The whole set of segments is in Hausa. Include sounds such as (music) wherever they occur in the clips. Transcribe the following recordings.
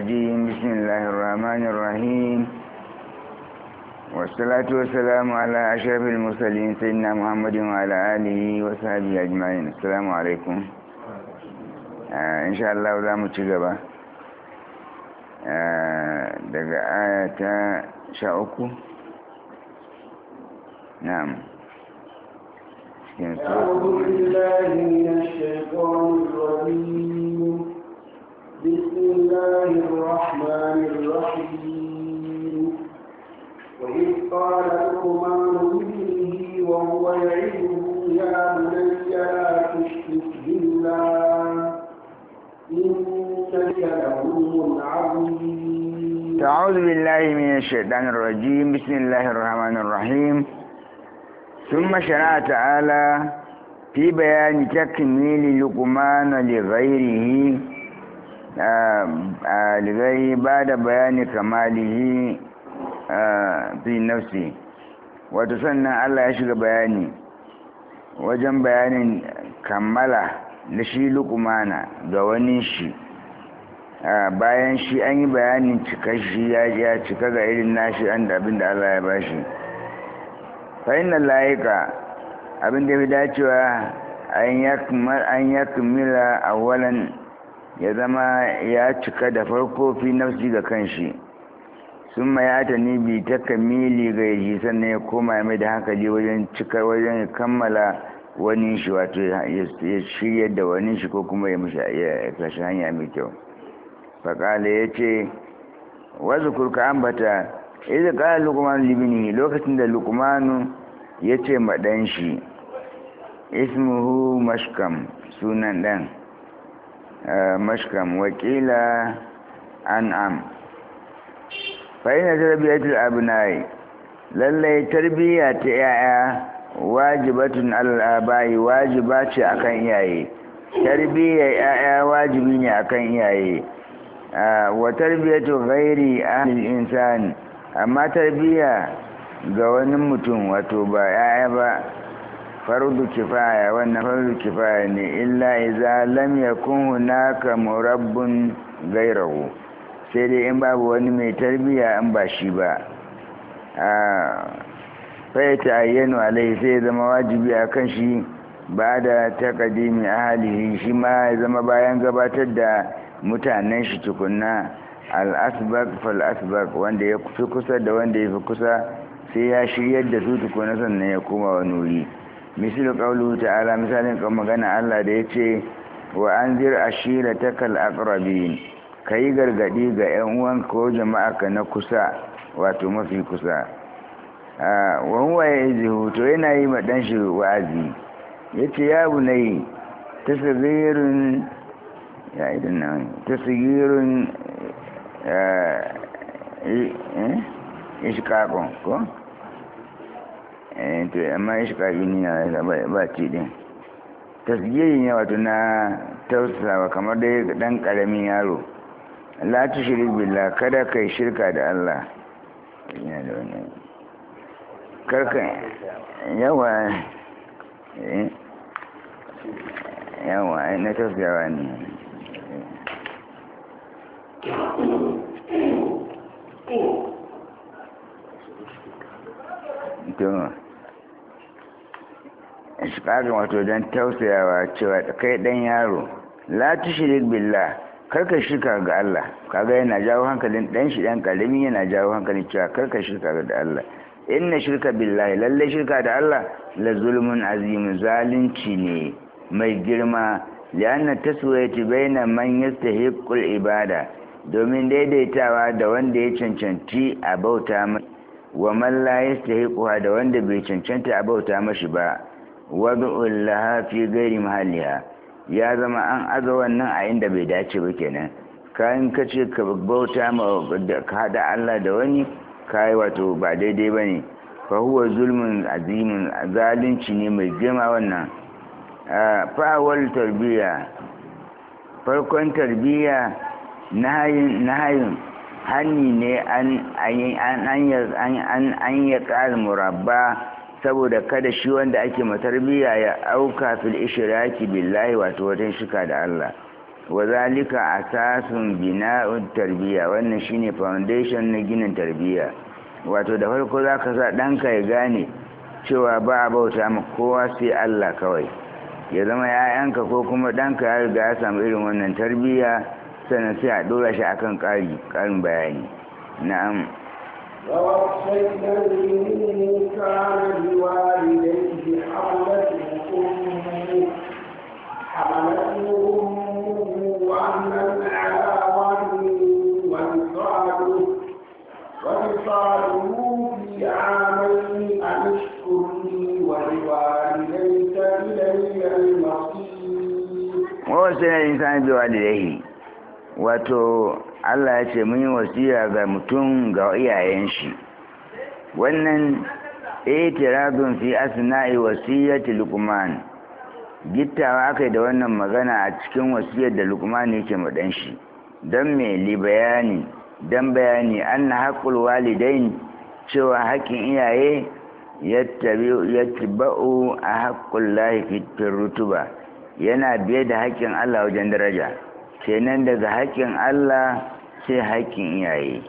الرجيم بسم الله الرحمن الرحيم والصلاة والسلام على أشرف المرسلين سيدنا محمد وعلى آله وصحبه أجمعين السلام عليكم آه إن شاء الله ولا متجبة آه دقى آية شاوكو نعم أعوذ بالله من الشيطان الرجيم الله الرحمن الرحيم وإذ قال لقمان لابنه وهو يعظه يا بني لا تشرك بالله إنك لهم عظيم أعوذ بالله من الشيطان الرجيم بسم الله الرحمن الرحيم ثم شرع تعالى في بيان تكميل لقمان لغيره ligai ba da bayani kamalihi fi nafsi wato sannan Allah ya shiga bayani wajen bayanin kammala na shi lukumana ga wani shi bayan shi an yi bayanin cika shi ya cika ga irin nashi an da abin da Allah ya bashi fa'in layika abin da ya fi dacewa an yakmila awalan ya zama ya cika da farko fi nafsi ga kanshi sun mayata ni bi ta kamili ga yaji sannan ya koma mai da hankali wajen cika wajen kammala wani shi wato ya shirya da wani shi ko kuma ya kashi hanya mai kyau faƙala ya ce wasu kurka ambata idan ƙara lukumanu libini lokacin da lukumanu ya ce maɗan shi ismuhu mashkam sunan ɗan mashkam wakila an'am fa'ina tarbiyatul abnai lallai tarbiyya ta yaya wajibatun al'abai wajiba ce akan iyaye tarbiyyar yaya wajibi ne akan iyaye wa tarbiyatu ghairi ahlil insani amma tarbiyya ga wani mutum wato ba yaya ba farudu kifaya wannan farudu kifaya ne illa idza lam yakun hunaka murabbun gairahu sai dai in babu wani mai tarbiya in ba shi ba fa ya ayyanu alai sai zama wajibi a kan shi ba da taqdimi ahlihi shi ma ya zama bayan gabatar da mutanen shi tukunna al-asbaq fal asbaq wanda ya fi kusa da wanda ya fi kusa sai ya shiryar da su tukuna sannan ya koma wani wuri misal kaulu ta'ala misalin kan magana Allah da yace wa anzir ashiratakal ka yi gargadi ga yan uwan ko jama'a ka na kusa wato mafi kusa wa huwa yazihu to yana yi ma dan shi wa'azi yace ya ta tasghirun ya idan nan tasghirun eh, eh ishqaqon ko Eh, to amma ishqaqi ne na ba ce din tasgiri ne wato na tausawa kamar dai dan karamin yaro lati shiri billah kada kai shirka da Allah karka yawa eh, yawa na tausawa ne you. ishqaqin wato don tausayawa cewa kai dan yaro la tushrik billah karka shirka ga Allah kaga yana jawo hankalin dan shi dan yana jawo hankalin cewa karka shirka ga Allah inna shirka billahi lalle shirka da Allah la zulmun azim zalunci ne mai girma lianna taswiyati baina man yastahiqul ibada domin daidaitawa da wanda ya cancanci a bauta wa man la da wanda bai cancanta a bauta mashi ba wadu'un laha fi gairi mahalliya ya zama an aza wannan a inda bai dace ba kenan kayan ka ce ka bauta ma ka hada Allah da wani kai wato ba daidai ba ne fa huwa zulmun azimin zalunci ne mai girma wannan wal tarbiya farkon tarbiyya na hayin hanni ne an ya an murabba saboda kada shi wanda ake matarbiya ya auka fil ishraki billahi wato wajen shika da Allah Wazalika zalika asasun bina'ut tarbiya wannan shine foundation na ginin tarbiya wato da farko zaka sa danka ya gane cewa ba a bauta ma kowa sai Allah kawai ya zama yayanka ko kuma danka ya riga ya samu irin wannan tarbiya sannan sai a dora shi akan ƙari ƙarin bayani na'am ووصينا الإنسان بوالديه حملته أمه حملته أمه وهنا على وهن وانصاره وانصاره في عامين أن اشكر لي ولوالديك إلي المصير ووصينا الإنسان بوالديه wato Allah ya ce mun yi wasiya ga mutum ga iyayen shi wannan itirazun fi asna'i wasiyati luqman gittawa akai da wannan magana a cikin wasiyar da luqman yake ma dan shi dan me li bayani dan bayani anna haqqul walidain cewa haƙƙin iyaye yattabi'u a haƙƙul lahi fi rutuba yana biye da haƙƙin Allah wajen daraja kenan daga haƙƙin Allah sai haƙƙin iyaye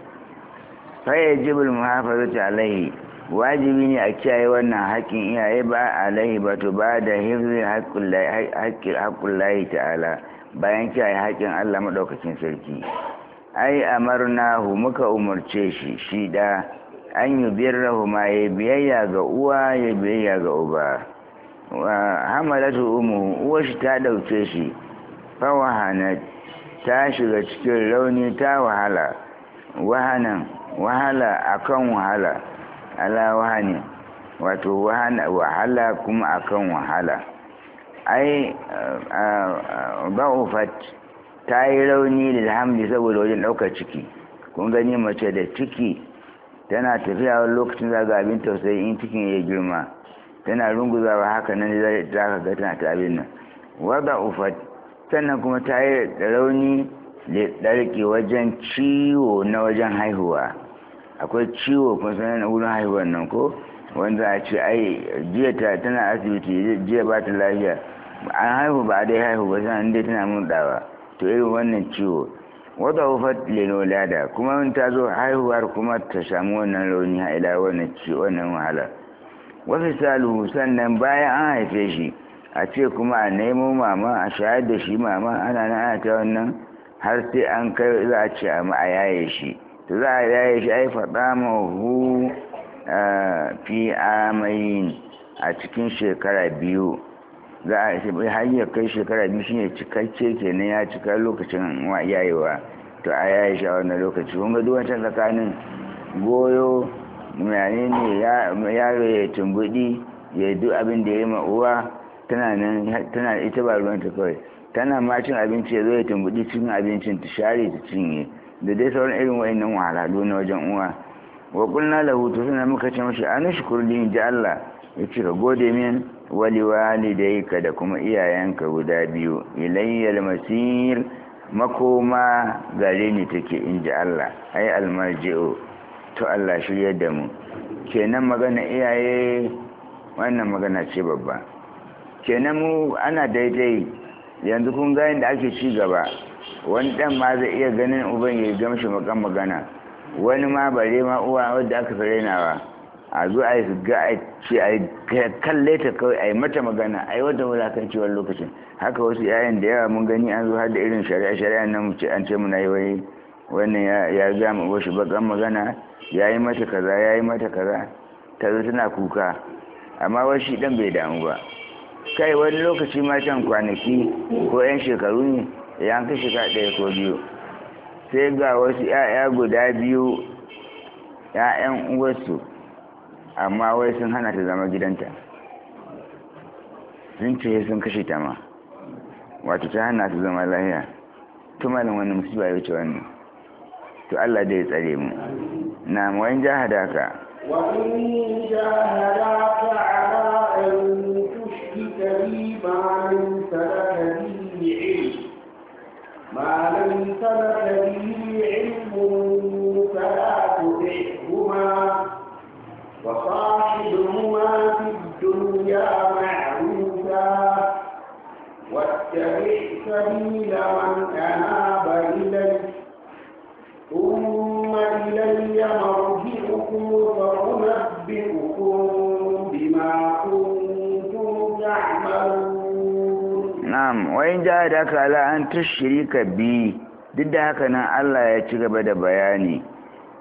faya jibul muhafazatu alaihi wajibi ne a kiyaye wannan haƙƙin iyaye ba alaihi ba to ba da hifzi haƙƙin layi ta'ala bayan kiyaye haƙƙin Allah maɗaukacin sarki ai hu muka umarce shi shi da an yi birrahu ma ya biyayya ga uwa ya biyayya ga uba hamalatu umu uwa shi ta ɗauke shi fawahanat ta shiga cikin rauni ta wahala wahanan wahala akan wahala ala wahani wato wahala kuma akan wahala ai ba'ufat ta yi rauni da hamdi saboda wajen ɗaukar ciki kun gani mace da ciki tana tafiya wani lokacin zaga abin tausayi in cikin ya girma tana runguzawa haka nan za ka ga tana ta abin nan wadda ufat sannan kuma ta yi rauni da ɗarki wajen ciwo na wajen haihuwa akwai ciwo kuma sanar wurin haihuwar nan ko wanda a ce ai jiya ta tana asibiti jiya ba ta lafiya an haihu ba dai haihu ba sanar dai tana murɗawa to irin wannan ciwo wata leno lada kuma in ta zo haihuwar kuma ta samu wannan rauni ila wannan ciwo wannan wahala wasu salu sannan bayan an haife shi a ce kuma a nemo mama a shayar da shi mama ana nan ana ta wannan har sai an kai za a ce a yaye shi to za a yaye shi ai faɗa mahu fi amayin a cikin shekara biyu za a bai hanyar kai shekara biyu shine cikakke kenan ya cika lokacin yayewa to a yaye shi a wannan lokaci kuma duk wancan tsakanin goyo mai ne yaro ya tumbuɗi ya duk abin da ya yi ma uwa tana nan tana ita ba ruwanta kawai tana ma cin abinci ya zo ya tumbuɗi cikin abincin ta share ta cinye da dai sauran irin wa'annan wahalhalu na wajen uwa wa kulna lahu to suna muka ce mashi an shukuru din ji Allah ya ce ka gode min wali walidayka da kuma iyayenka guda biyu ilayyal masir makoma gare ni take in ji Allah ai almarji'u to Allah shirya da mu kenan magana iyaye wannan magana ce babba kenan mu ana daidai yanzu kun ga da ake ci gaba wani dan ma zai iya ganin uban ya gamshi makan magana wani ma bare ma uwa wadda aka rainawa a zo a yi ga a ce a kalle ta kawai a yi mata magana a yi wata wulakancewar lokacin haka wasu yayan da yawa mun gani an zo har da irin shari'a shari'a nan mu ce an ce muna yi wani wannan ya ga mu wasu bakan magana ya yi mata kaza ya yi mata kaza ta zo tana kuka amma wasu dan bai damu ba kai wani lokaci ma can kwanaki ko 'yan shekaru ne ya an kashi ɗaya ko biyu sai ga wasu 'ya'ya guda biyu 'ya'yan uwarsu amma wai sun hana ta zama gidanta sun ce sun kashe ta ma wato ta hana ta zama lahiya tumalin wani musiba ya wuce wannan to Allah dai tsare mu na wani jahadaka wa in jahadaka الكريم ما ليس لك به علم ما ليس لك به علم فلا تطعهما وصاحبهما في الدنيا معروفا واتبع سبيل na'am wa daka jahadaka ala an tushrika bi duk da haka nan Allah ya ci gaba da bayani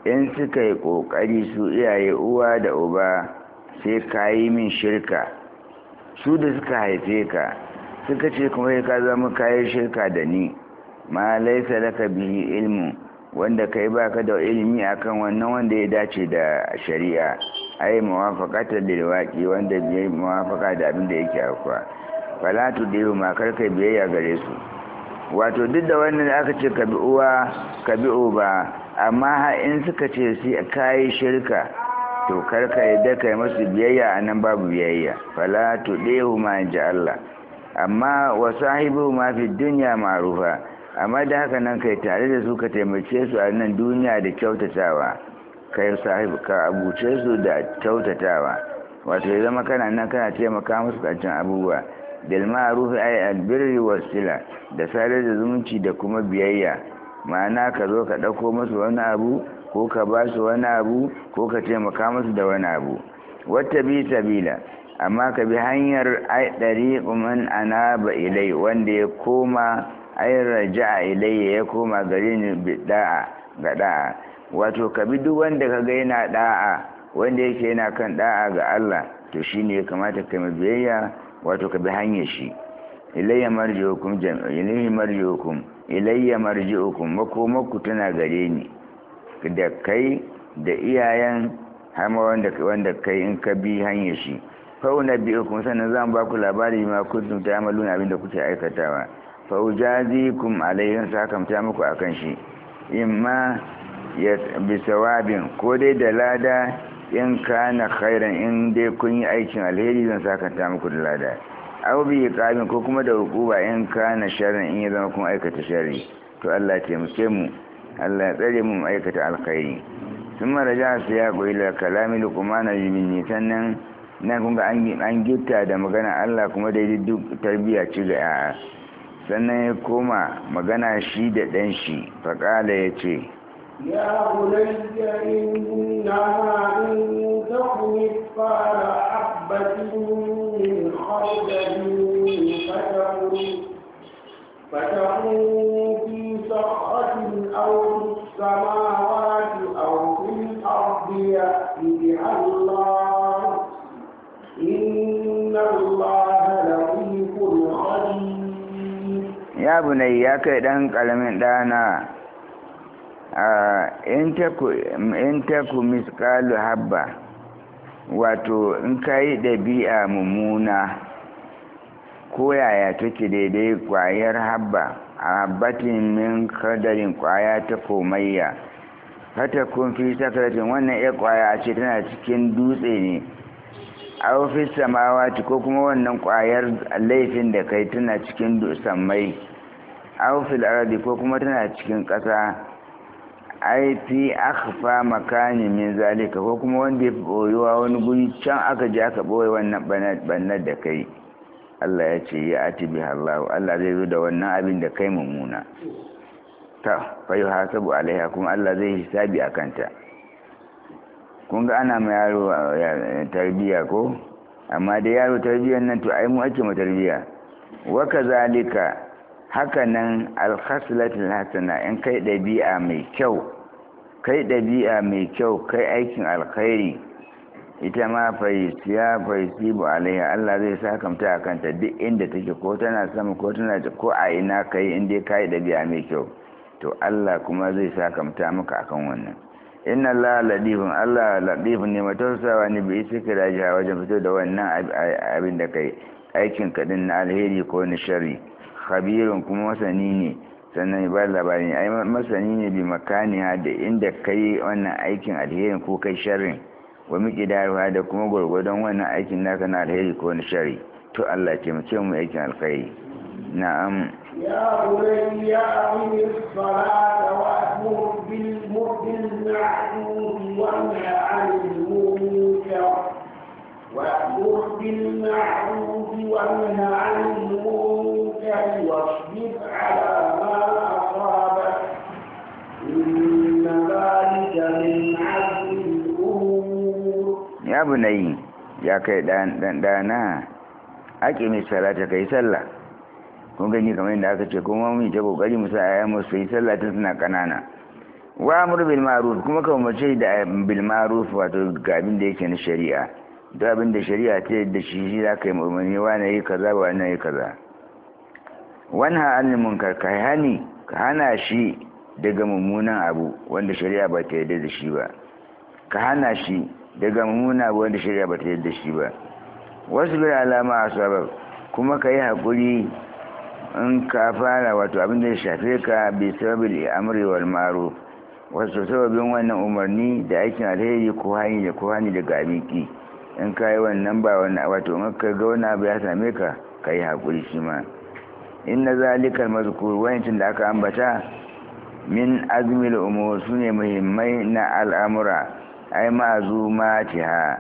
in suka yi kokari su iyaye uwa da uba sai ka yi min shirka su da suka haife ka suka ce kuma ka zama kayan shirka da ni ma laisa laka bi ilmu wanda kai baka da ilimi akan wannan wanda ya dace da shari'a ai muwafaqata lil waqi wanda bai muwafaqa da abin da yake akwa falatu da yi makar kai biyayya gare su wato duk da wannan aka ce ka bi uwa ka bi uba amma in suka ce su kayi shirka to karka yadda kai masu biyayya a nan babu biyayya fala tu ma in ji Allah amma wa sahibu ma fi duniya marufa amma da haka nan kai tare da su ka taimake su a nan duniya da kyautatawa kai sahibu ka abuce su da kyautatawa wato ya zama kana nan kana taimaka musu kacin abubuwa bil ma'ruf ay al birri sila da sadar da zumunci da kuma biyayya ma'ana ka zo ka dauko musu wani abu ko ka ba su wani abu ko ka taimaka musu da wani abu wata bi sabila amma ka bi hanyar ɗari man ana ba ilai wanda ya koma ai raja ilai ya koma gare ni da'a ga da'a wato ka bi duk wanda ka ga yana da'a wanda yake yana kan da'a ga Allah to shine ya kamata ka mai biyayya wato ka bi hanyar shi ilayya marji'ukum ilayya marji'ukum ilayya marji'ukum tana gare ni da kai da iyayen hama wanda wanda kai in ka bi hanyar shi fa kuma sannan zan ba ku labari ma kuntum abin abinda kuke aikatawa fa ujazikum alayhi ta muku akan shi imma ya bi sawabin ko dai da lada in kana khairan in dai kun yi aikin alheri zan ta muku da lada aw bi iqabin ko kuma da hukuba in kana sharran in ya zama kun aikata sharri to Allah ya taimake mu Allah ya tsare mu aikata alkhairi sun maraja su ya goyi da kalami lukumana jimini sannan nan kun ga an gita da magana Allah kuma da duk tarbiyya ci ga yaya sannan ya koma magana shi da ɗan shi faƙala ya ce يا بني إنها إن تك مثقال حبة من خردل فتكن فتكن في صخرة أو في السماوات أو في الأرض يأت بها الله إن الله لطيف خبير يا بني يا كيدان قلم دانا in taku miskalu habba wato in ka yi ɗabi'a mummuna ko yaya take daidai kwayar habba a batin min kadarin kwaya ta komayya fata kun fi sakaratin wannan ya kwaya a ce tana cikin dutse ne a ofis samawa ko kuma wannan kwayar laifin da kai tana cikin samai a ofis ko kuma tana cikin ƙasa ai fi akhfa makani min zalika ko kuma wanda ya boyuwa wani guri can aka je aka boye wannan bannar da kai Allah ya ce ya ati bi Allah Allah zai zo da wannan abin da kai mummuna ta yi hasabu alaiha kuma Allah zai hisabi akanta kun ga ana ma yaro tarbiya ko amma da yaro tarbiyan nan to ai mu ake mu tarbiya wa kazalika hakanan alkhaslatul hasana in kai ɗabi'a mai kyau kai ɗabi'a mai kyau kai aikin alkhairi ita ma faisiya bu alaiha Allah zai sakamta a kanta duk inda take ko tana sama ko tana ko a ina kai in dai kai ɗabi'a mai kyau to Allah kuma zai sakamta maka akan wannan inna Allah ladifun Allah ladifun ne matarsawa ne bai isa kira jiha wajen fito da wannan abin da kai aikin kadin na alheri ko na sharri khabirun kuma masani ne sannan ba labari ai masani ne bi ha da inda kai wannan aikin alheri ko kai sharri wa miqdaruha da kuma gurgurdan wannan aikin naka na alheri ko na sharri to Allah ke mu ce mu aikin alkhairi na'am ya ya aqimis salata wa amur bil murbil ma'ruf wa nahy wa amur bil ma'ruf wa nahy الشر واصبر على ما أصابك إن ذلك من عزم الأمور يا بني يا كي دانا أكيم الصلاة كي صلى kun gani kamar yadda aka ce kuma mu ta kokari mu sa ayyan musu yi sallah tun suna kanana wa amru bil ma'ruf kuma ka mace da bil ma'ruf wato ga abin da yake na shari'a duk abin da shari'a ta yadda shi shi za ka yi umarni wa na yi kaza wa na yi kaza wanha anil munkar ka hani ka hana shi daga mummunan abu wanda shari'a ba ta yadda da shi ba ka hana shi daga mummunan abu wanda shari'a ba ta yadda da shi ba wasu bir alama a sabab kuma ka yi haƙuri in ka fara wato abin da ya shafe ka bi sababil amri wal maro wasu sababin wannan umarni da aikin alheri ko hani da ko hani daga amiki in ka yi wannan ba wani wato in ka ga wani abu ya same ka ka yi haƙuri shi ma inna zalikal mazkur wayancin da aka ambata min azmil umur sune muhimmai na al'amura ai ma'zumatiha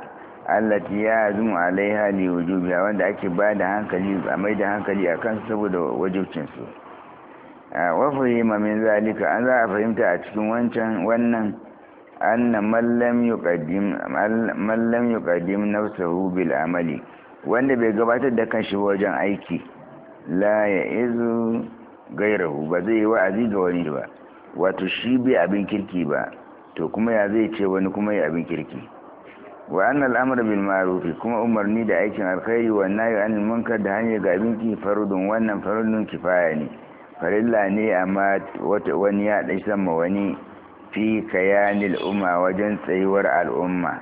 allati yazmu alaiha li wujubiha wanda ake ba da hankali a mai da hankali akan saboda wajibcin su ah, wa min zalika an za a fahimta a cikin wancan wannan anna man lam yuqaddim bil amali wanda bai gabatar da kanshi wajen aiki la ya izu gairahu ba zai yi wa'azi ga wani ba wato shi bai abin kirki ba to kuma ya zai ce wani kuma ya abin kirki wa annal amra bil marufi kuma umarni da aikin alkhairi wa nahi anil munkar da hanyar ga abin ki wannan farudun kifaya ne farilla ne amma wata wani ya dai sama wani fi kayanil umma wajen tsayuwar al'umma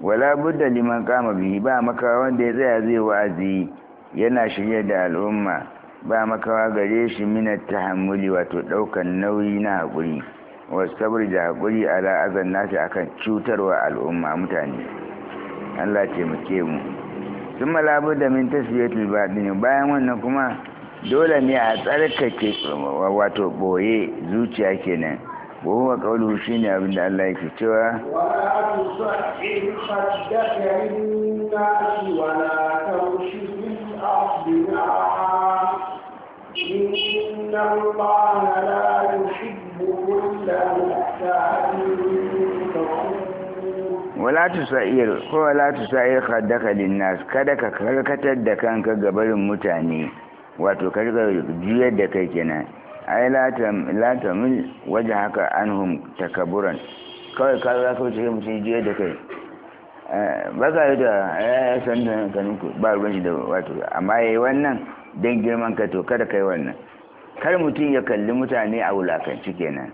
wala budda liman qama bihi ba maka wanda ya tsaya zai wa'azi yana shirye da al'umma ba makawa gare shi minar tahammuli wato ɗaukan nauyi na haƙuri wasu sabar da haƙuri ala azan nasi akan cutarwa al'umma mutane allah ce mu sun malabu da min tasiriyatul baɗin bayan wannan kuma dole ne a tsarkake wato boye zuciya kenan وهو قوله شيني allah الله يكتوى ولا تصحي خدك للناس a تمشي wala tu sa'ir ko wala tu sa'ir wala tusa'ir khaddaka linnas kada ka karkatar da kanka ga barin mutane wato karkar juyar da kai kenan ai la ta waje wajhaka anhum takaburan kawai ka za ka wuce mutum juyar da kai Eh, ba ka yi da ya eh, san da kanin ku ba ruwan shi da wato amma yi wannan don girman ka to kada kai wannan kar mutum ya kalli mutane a wulakanci kenan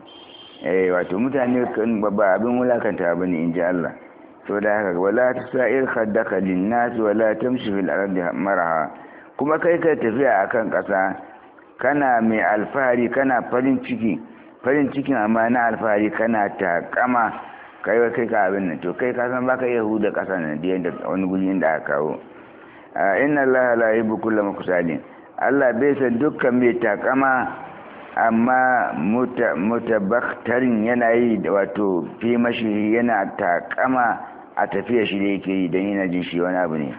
eh wato mutane ba abin wulakanta ne, in ji Allah da haka wala sa'ir khaddaka lin nasu wala tamshi fil ardi maraha kuma kai kai tafiya akan kasa kana mai alfahari kana farin ciki farin cikin amma na alfahari kana takama kai wai kai ka abin nan to kai ka san baka yahuda kasa nan da yanda wani guri inda aka kawo inna allaha la yuhibbu kulla muqtalin Allah bai san dukkan mai takama amma mutabaktarin yana yi da wato fi mashi yana takama a tafiya shi da yake yi dan yana jin shi wani abu ne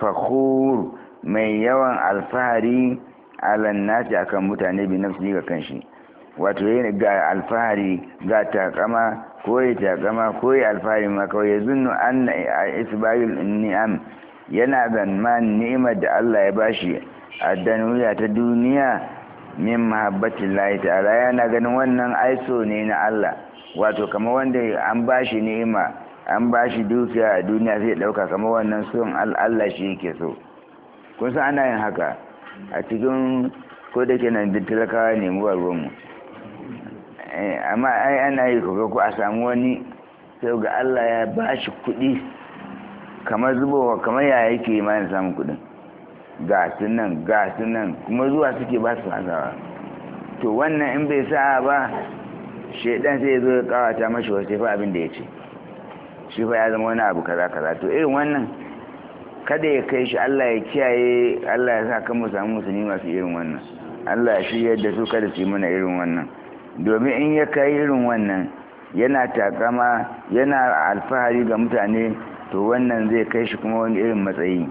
fakhur mai yawan alfahari alan nasi akan mutane bi nafsi ga kanshi wato yana ga alfahari ga takama ko ya takama ko ya alfahari maka ya zunnu an na isbayil ni'am yana zanman ni'imar da Allah ya bashi a danuya ta duniya min mahabbatin lahi ta'ala yana ganin wannan aiso ne na Allah wato kama wanda an bashi ni'ima an bashi dukiya a duniya zai dauka kama wannan son Allah shi yake so kun san ana yin haka a cikin ko da ke talakawa ne mu ruwanmu Eh, amma ai ana yi kuka ku a samu wani sai ga Allah ya ba shi kuɗi kamar zubowa kamar ya yake ma ya samu kuɗin ga su ga su kuma zuwa suke ba su hasawa to wannan in bai sa ba shaidan sai ya zo ya kawata mashi wasu fa abin da ya ce shi fa ya zama wani abu kaza kaza to irin wannan kada ya kai shi Allah ya kiyaye Allah ya sa kan mu samu musulmi masu irin wannan Allah ya shirya yadda su kada su yi mana irin wannan domin in ya kai irin wannan yana takama yana alfahari ga mutane to wannan zai kai shi kuma wani irin matsayi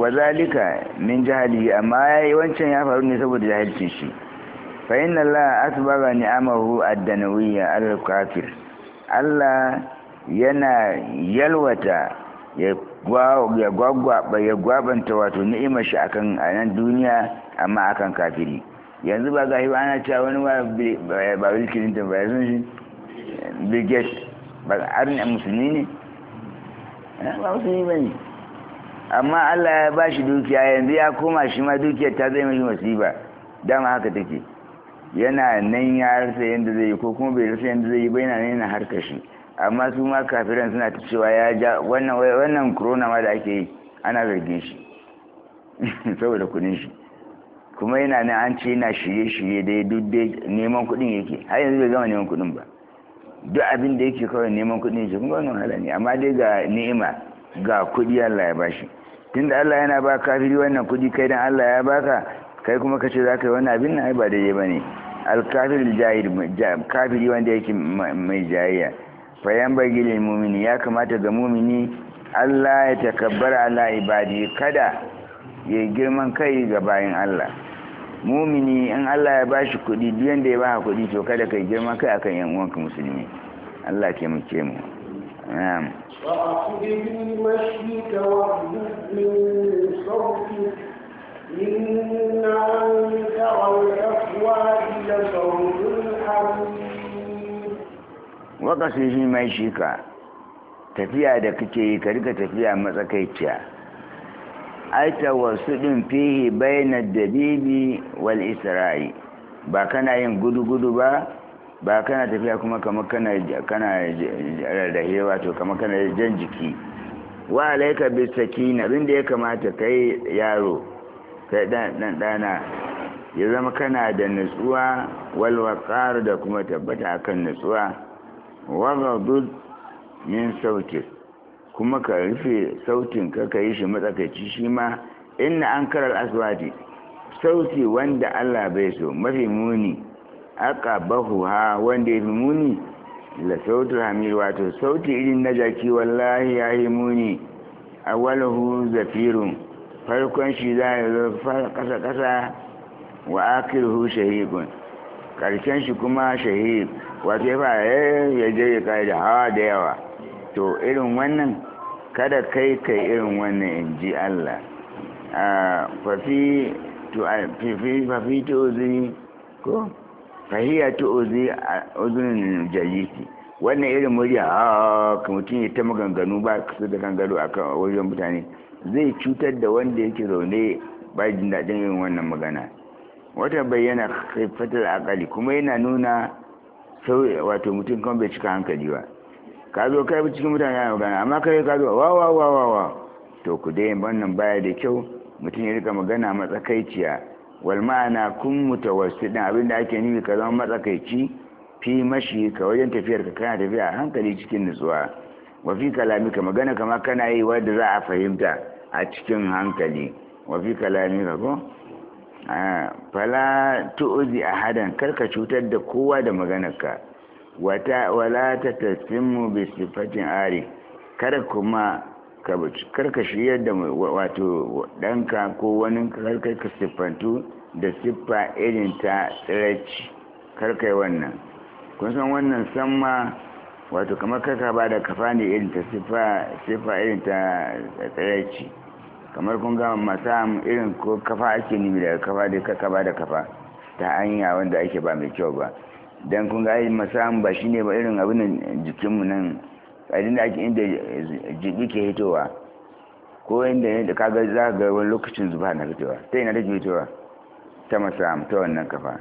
wazalika min jahali amma yayi wancan ya faru ne saboda jahilcin shi fa inna Allah asbaga ni'amahu ad-danawiyya al-kafir Allah yana yalwata ya gwagwaba ya gwabanta wato ni'imar shi akan anan duniya amma akan kafiri yanzu ba gashi ba ana cewa wani ba ba Bill Clinton ba yanzu shi Bill Gates ba a musulmi ne eh, ba musulmi ba ne amma Allah ya ba shi dukiya yanzu ya koma shi ma dukiyar ta zai mashi masifa dama haka take yana nan ya rasa yadda zai yi ko kuma bai rasa yadda zai yi ba yana nan harka harkar shi amma su ma kafiran suna ta cewa ya ja wannan wannan corona ma da ake yi ana zargin shi (laughs) saboda kudin shi kuma yana nan an ce yana shirye-shirye dai duk dai neman kuɗin yake har yanzu bai gama neman kuɗin ba duk abin da yake kawai neman kuɗin yake kuma wannan wahala ne amma dai ga ni'ima ga kuɗi Allah ya bashi tunda Allah yana ba kafiri wannan kuɗi kai dan Allah ya baka kai kuma ka ce za ka yi wannan abin nan ba daidai ba ne alkafir jahil kafiri wanda yake mai jayayya fayan bagi lil mumini ya kamata ga mumini Allah ya takabbara ala ibadi kada ya girman kai ga bayan Allah mumini in Allah ya bashi kuɗi biyan da ya baka kuɗi to kada kai girma kai akan yan uwanka musulmi Allah ke muke mu na'am waka sai shi mai shika tafiya da kake yi ka rika tafiya matsakaiciya ai ɗin fihi bayan dabibi wal isra'i ba kana yin gudu-gudu ba ba kana tafiya kuma kama kana kana to kama kana jan jiki wa alaika bis sakina abinda ya kamata kai yaro kai ɗanɗana ya zama kana da nutsuwa Walwa da kuma tabbata akan nutsuwa wa min sautis kuma ka rufe sautin ka yi shi matsakaici shi ma inna an karar aswadi sauti wanda Allah bai so mafi muni aka bahu ha wanda ya fi muni la sautu hamir wato sauti irin na jaki wallahi ya yi muni A walahu zafirun farkon shi za ya zo kasa kasa wa akirhu shahibun karshen shi kuma shahib wato ya fa eh, ya je ya kai da hawa da yawa to irin wannan kada kai ka irin wannan in ji Allah a fafi ta uzuri ko fahiya ta jayisi wannan irin murya a mutum ya ta maganganu ba su da kangaro a kan wajen mutane zai cutar da wanda yake zaune ba jin daɗin irin wannan magana wata bayyana haifatar akali kuma yana nuna wato mutum kan bai cika hankali ba ka zo kai cikin mutane ya magana amma kai ka zo wa wa wa wa wa to ku dai wannan baya da kyau mutum ya rika magana matsakaiciya wal ma'ana kun mutawassidin abinda ake nufi ka zama matsakaici fi mashi ka wajen tafiyar ka kana tafiya a hankali cikin nutsuwa wa fi ka magana kama kana yi wadda za a fahimta a cikin hankali wa fi ah, ka ko fala tu'zi ahadan karka cutar da kowa da ka. wata wala ta tasimu bi sifatin ari kar kuma karka shiyar da wato ɗanka ko wani karkai ka siffantu da siffa irin ta tsiraici karkai wannan kun san wannan ma wato kamar karka ba da kafa ne irin ta siffa irin ta tsiraici kamar kun gama masu irin ko kafa ake nimi daga kafa da karka ba da kafa ta hanya wanda ake ba mai kyau ba don kun ga ayin masamu ba shi ne ba irin abin jikinmu nan ƙarin da ake inda jiki ke hitowa ko inda ne da kaga za ga wani lokacin zuba na fitowa ta yana take hitowa ta masamu ta wannan kafa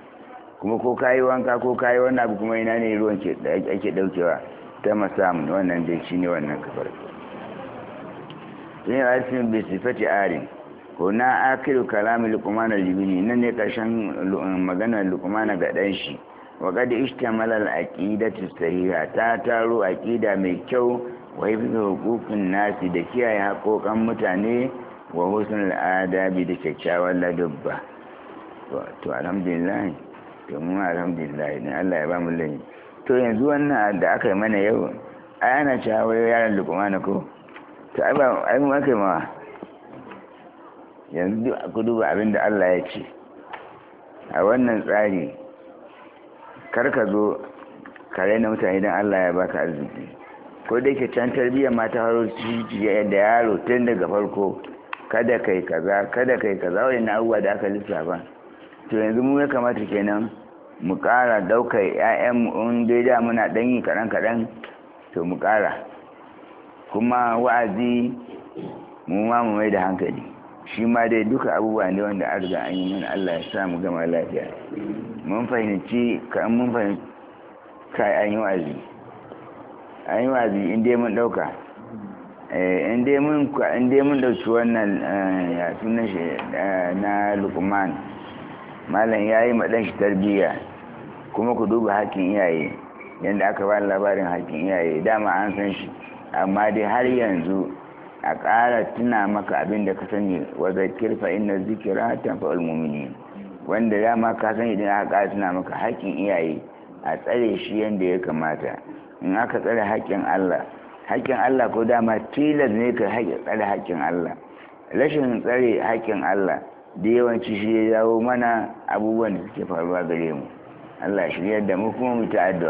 kuma ko kayi wanka ko kayi wannan abu kuma ina ne ruwan da ake daukewa ta masamu wannan dai shi ne wannan kafar yin arsin bai sifati arin ko na akiru kalamin lukumanar jibini nan ne ƙarshen maganar lukumana ga ɗan shi وقد اشتمل العقيدة الصحيحة تاتارو عقيدة ميكو وحفظ حقوق الناس دكيا حقوق متاني وحسن الآداب دكيا ولا دبة to alhamdulillah to mu alhamdulillah idan Allah ya ba mu lai to yanzu wannan da aka yi mana yau ai cewa wai yaran lukumana ko to ai ba ai mu aka yi ma yanzu ku duba abin da Allah ya ce a wannan tsari kar ka zo ka raina mutane don Allah ya baka arziki ko da yake can tarbiyyar mata haro da yaro tun daga farko kada kai kaza kada kai kaza na uwa da aka lissafa to yanzu mu ya kamata kenan mu ƙara ɗaukar mu in dai da muna ɗanyi kaɗan-kaɗan to mu kara kuma wa'azi mu ma mu mai da hankali shi ma dai duka abubuwa ne wanda an riga an yi mana Allah ya samu gama lafiya mun fahimci ka mun fahimci kai an yi wazi an yi wazi in dai mun dauka eh, in dai mun in dai mun dauki wannan eh, ya sunan shi eh, na Luqman malam yayi dan shi tarbiyya kuma ku duba hakkin iyaye yanda aka ba labarin hakkin iyaye dama an san shi amma dai har yanzu a ƙara tuna maka abin da ka sani wa kirfa inna zikira fa’ul mumini wanda dama ka sani idan aka ƙara tuna maka haƙƙin iyaye a tsare shi yadda ya kamata in aka tsare haƙƙin Allah haƙƙin Allah ko dama tilas ne ka tsare haƙƙin Allah rashin tsare haƙƙin Allah da yawanci shi ya jawo mana abubuwan da suke faruwa gare mu Allah shirya da mu kuma mu ta addu'a